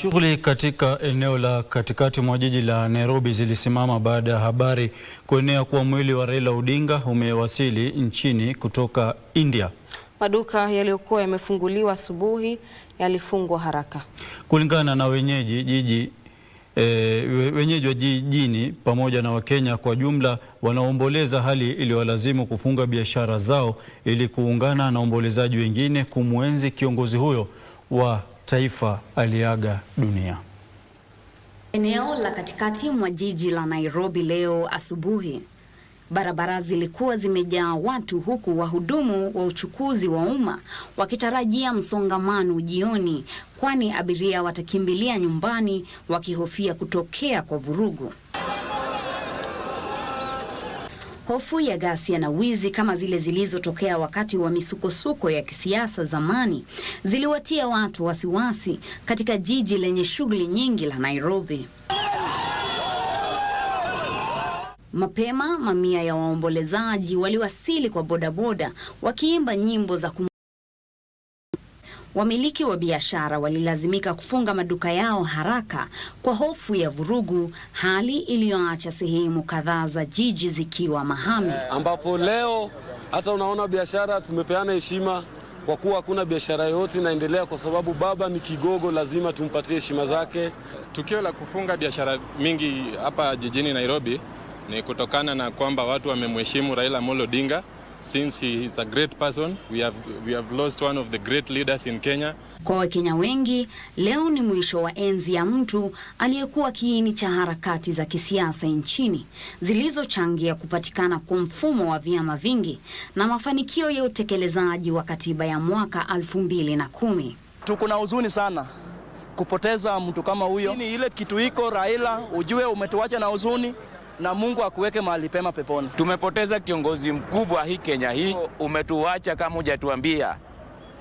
Shughuli katika eneo la katikati mwa jiji la Nairobi zilisimama baada ya habari kuenea kuwa mwili wa Raila Odinga umewasili nchini kutoka India. Maduka yaliyokuwa yamefunguliwa asubuhi yalifungwa haraka. Kulingana na wenyeji jiji e, wenyeji wa jijini pamoja na Wakenya kwa jumla wanaomboleza hali iliyowalazimu kufunga biashara zao ili kuungana na ombolezaji wengine kumwenzi kiongozi huyo wa taifa aliaga dunia. Eneo la katikati mwa jiji la Nairobi leo asubuhi, barabara zilikuwa zimejaa watu, huku wahudumu wa uchukuzi wa umma wakitarajia msongamano jioni, kwani abiria watakimbilia nyumbani wakihofia kutokea kwa vurugu. Hofu ya ghasia na wizi kama zile zilizotokea wakati wa misukosuko ya kisiasa zamani ziliwatia watu wasiwasi katika jiji lenye shughuli nyingi la Nairobi. Mapema mamia ya waombolezaji waliwasili kwa bodaboda wakiimba nyimbo za kum Wamiliki wa biashara walilazimika kufunga maduka yao haraka kwa hofu ya vurugu, hali iliyoacha sehemu kadhaa za jiji zikiwa mahame, eh, ambapo leo hata unaona biashara tumepeana heshima kwa kuwa hakuna biashara yoyote inaendelea kwa sababu baba ni kigogo, lazima tumpatie heshima zake. Tukio la kufunga biashara mingi hapa jijini Nairobi ni kutokana na kwamba watu wamemheshimu Raila Amolo Odinga. Since he is a great person, we have, we have lost one of the great leaders in Kenya. Kwa Wakenya wengi leo ni mwisho wa enzi ya mtu aliyekuwa kiini cha harakati za kisiasa nchini zilizochangia kupatikana kwa mfumo wa vyama vingi na mafanikio ya utekelezaji wa katiba ya mwaka 2010. Tuko na huzuni sana kupoteza mtu kama huyo. Ile kitu iko Raila, ujue umetuacha na huzuni na Mungu akuweke mahali pema peponi. Tumepoteza kiongozi mkubwa hii Kenya hii, umetuacha kama hujatuambia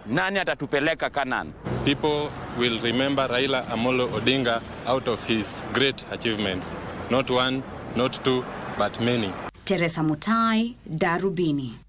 nani atatupeleka Kanaan. People will remember Raila Amolo Odinga out of his great achievements. Not one, not two, but many. Teresa Mutai, Darubini.